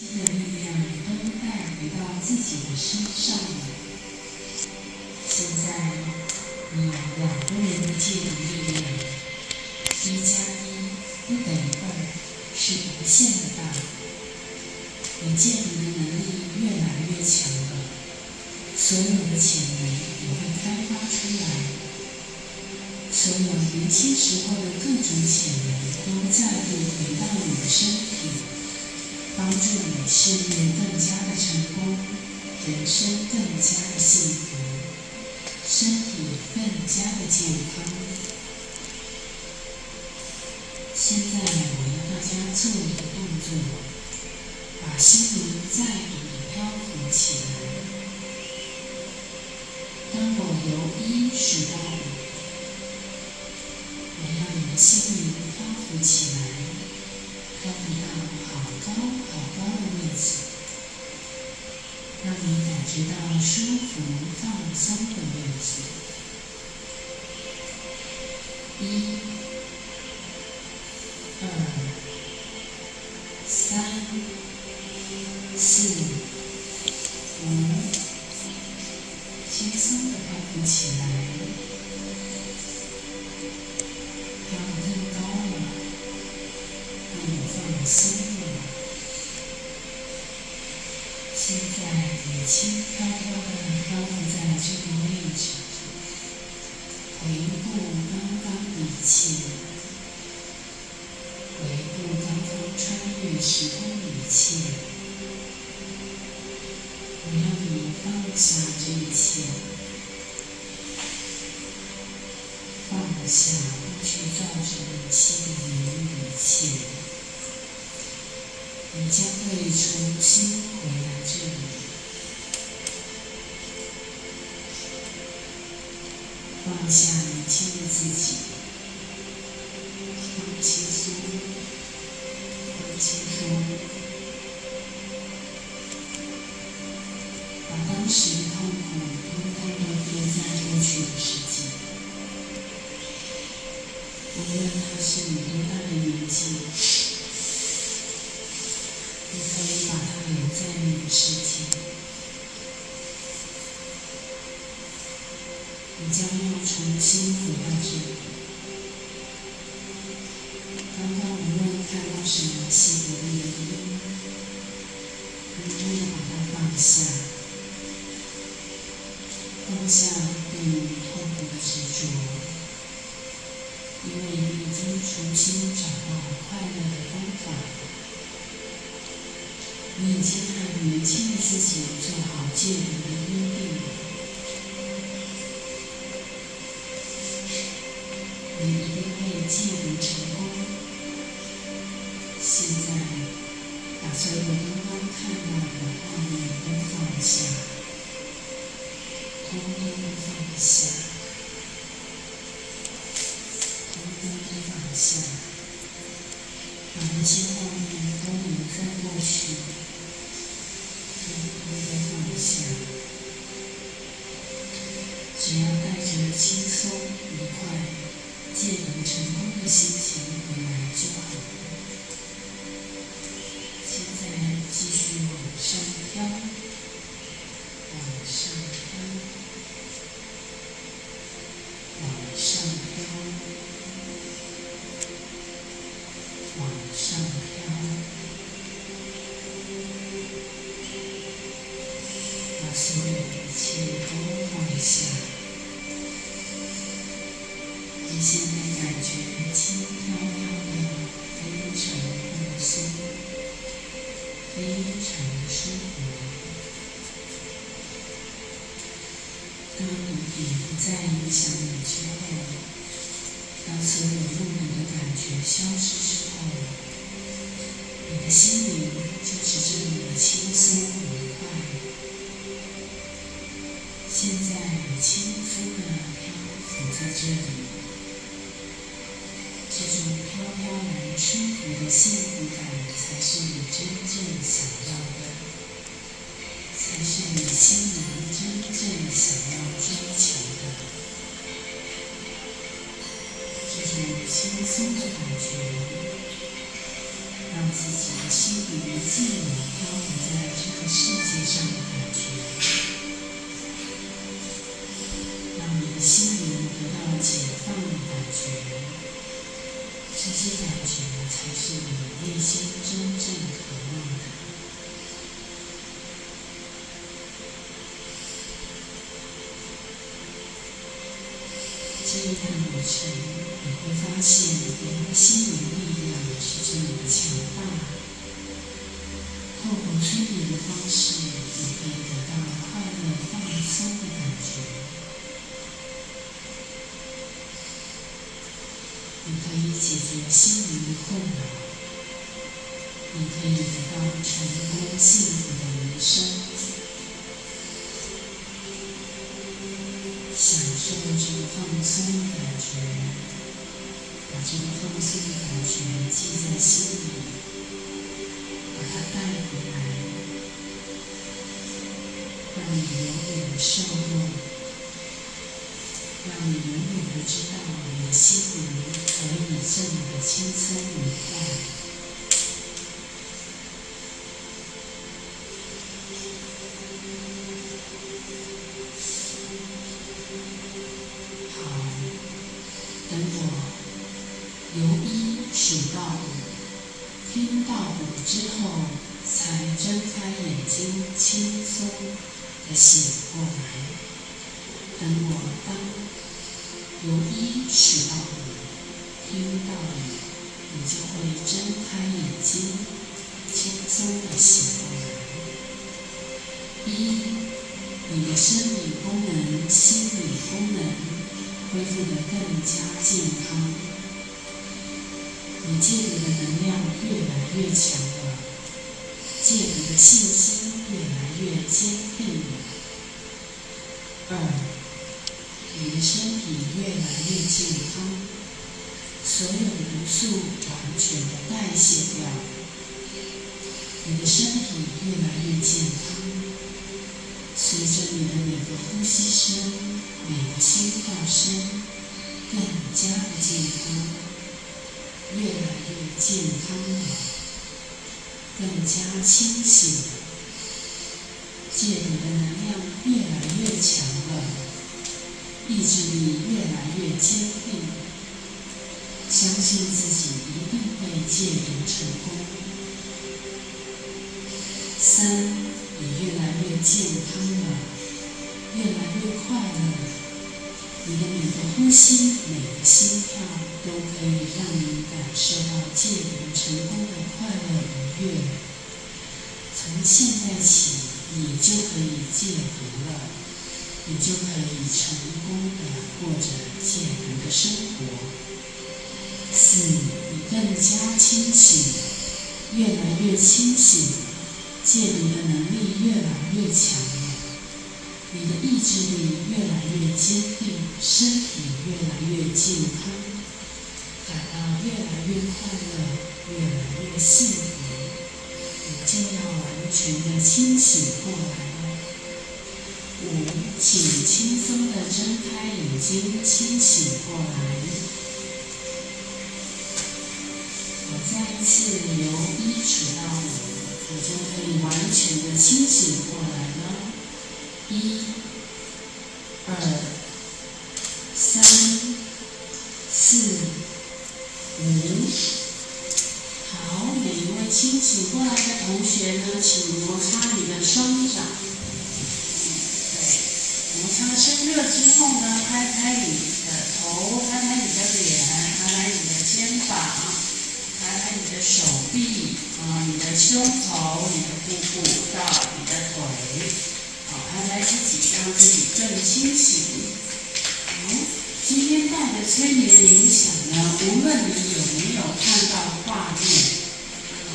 新的力量都帶回到自己的身上了。現在你兩個人的戒毒力量，一加一不等於二，是無限的大。你戒的能力越來越強了，所有的潛能也會開發出來，所有年輕時候的各種潛能都再度回到你的身體。幫助你事業更加的成功，人生更加的幸福，身體更加的健康。現在我為大家做一個動作，把心靈再度的漂浮起來。四、五，輕鬆的漂浮起來。飄得更高了，背放鬆了。現在你輕飄飄的漂浮在這個位置，回顧剛剛的一切，回顧剛剛穿越時空的一切。放下這一切，放下過去造成你氣餒的一切，你將會重新回來這裡。放下年輕的自己，放下。無論痛苦多大，留在重你的世界；無論他是你多大的年紀，你可以把他留在你的世界。你將要重新回到這裡。放下對你痛苦的執着，因為你已經重新找到快樂的方法。你已經和年輕的自己做好戒毒的約定，你一定會戒毒成功。現在，把所有剛剛看到的畫面都放下。統統放下，統統放下，把那些回憶都留在過去。統統放下，只要帶着輕鬆愉快、健康成功的心情回來就好。所有的一切都放下，你現在感覺輕飄飄的，非常放鬆，非常舒服。當你已不再影響你之後，當所有負面的感覺消失之後，你的心靈就是這麼輕鬆愉快。現在我輕鬆的漂浮在這裡，這種飄飄然生活的幸。這一趟旅程，你會發現，原來心靈力量是這麼強大的。透過催眠的方式，你可以得到快樂放鬆的感覺，你可以解決心靈的困擾，你可以得到成功幸福的人生。這種感覺，把這個放鬆的感覺，感覺，感覺記在心裡，把它帶回來，讓你永遠，遠的受用，讓你永遠的知道，你的心靈可以在你的青春裡在。醒過來，等我當由一起到五，聽到五，你就會睜開眼睛，輕鬆的醒過來。一，你的生理功能、心理功能恢復得更加健康，你戒毒的能量越來越強了，戒毒的信心，堅定。二，你的身體越來越健康，所有的毒素完全的代謝掉。你的身體越來越健康，隨着你的每個呼吸聲、每個心跳聲，更加的健康，越來越健康了，更加清醒了。戒毒的能量越來越強了，意志力越來越堅定，相信自己一定會戒毒成功。三，你越來越健康了，越來越快樂了，你的每個呼吸、每個心跳，都可以讓你感受到戒毒成功的快樂愉悅。從現在起，你就可以戒毒了，你就可以成功的過着戒毒的生活。使你更加清醒，越來越清醒，戒毒的能力越來越強了。你的意志力越來越堅定，身體越來越健康，感到越來越快樂，越來越幸福。我就要完全的清醒過來了。五，請輕鬆的睜開眼睛，清醒過來。我再一次由一數到五，我就可以完全的清醒過來了哦。一，二。臂啊，你的胸口，你的腹部到你的腿，好、啊，拍拍自己，讓自己更清醒。好、哦，今天帶着催眠的冥想呢，無論你有沒有看到畫面，啊，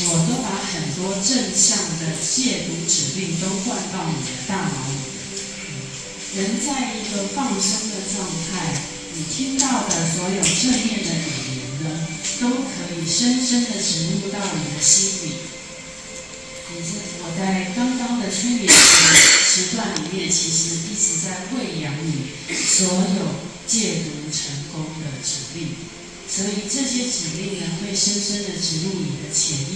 我都把很多正向的戒毒指令都灌到你的大腦裡、嗯。人在一個放鬆的狀態，你聽到的所有正面的。深深的植入到你的心裡，你我在剛剛的催眠時段裡面，其實一直在餵養你所有戒毒成功的指令，所以這些指令呢，會深深的植入你的潛意識。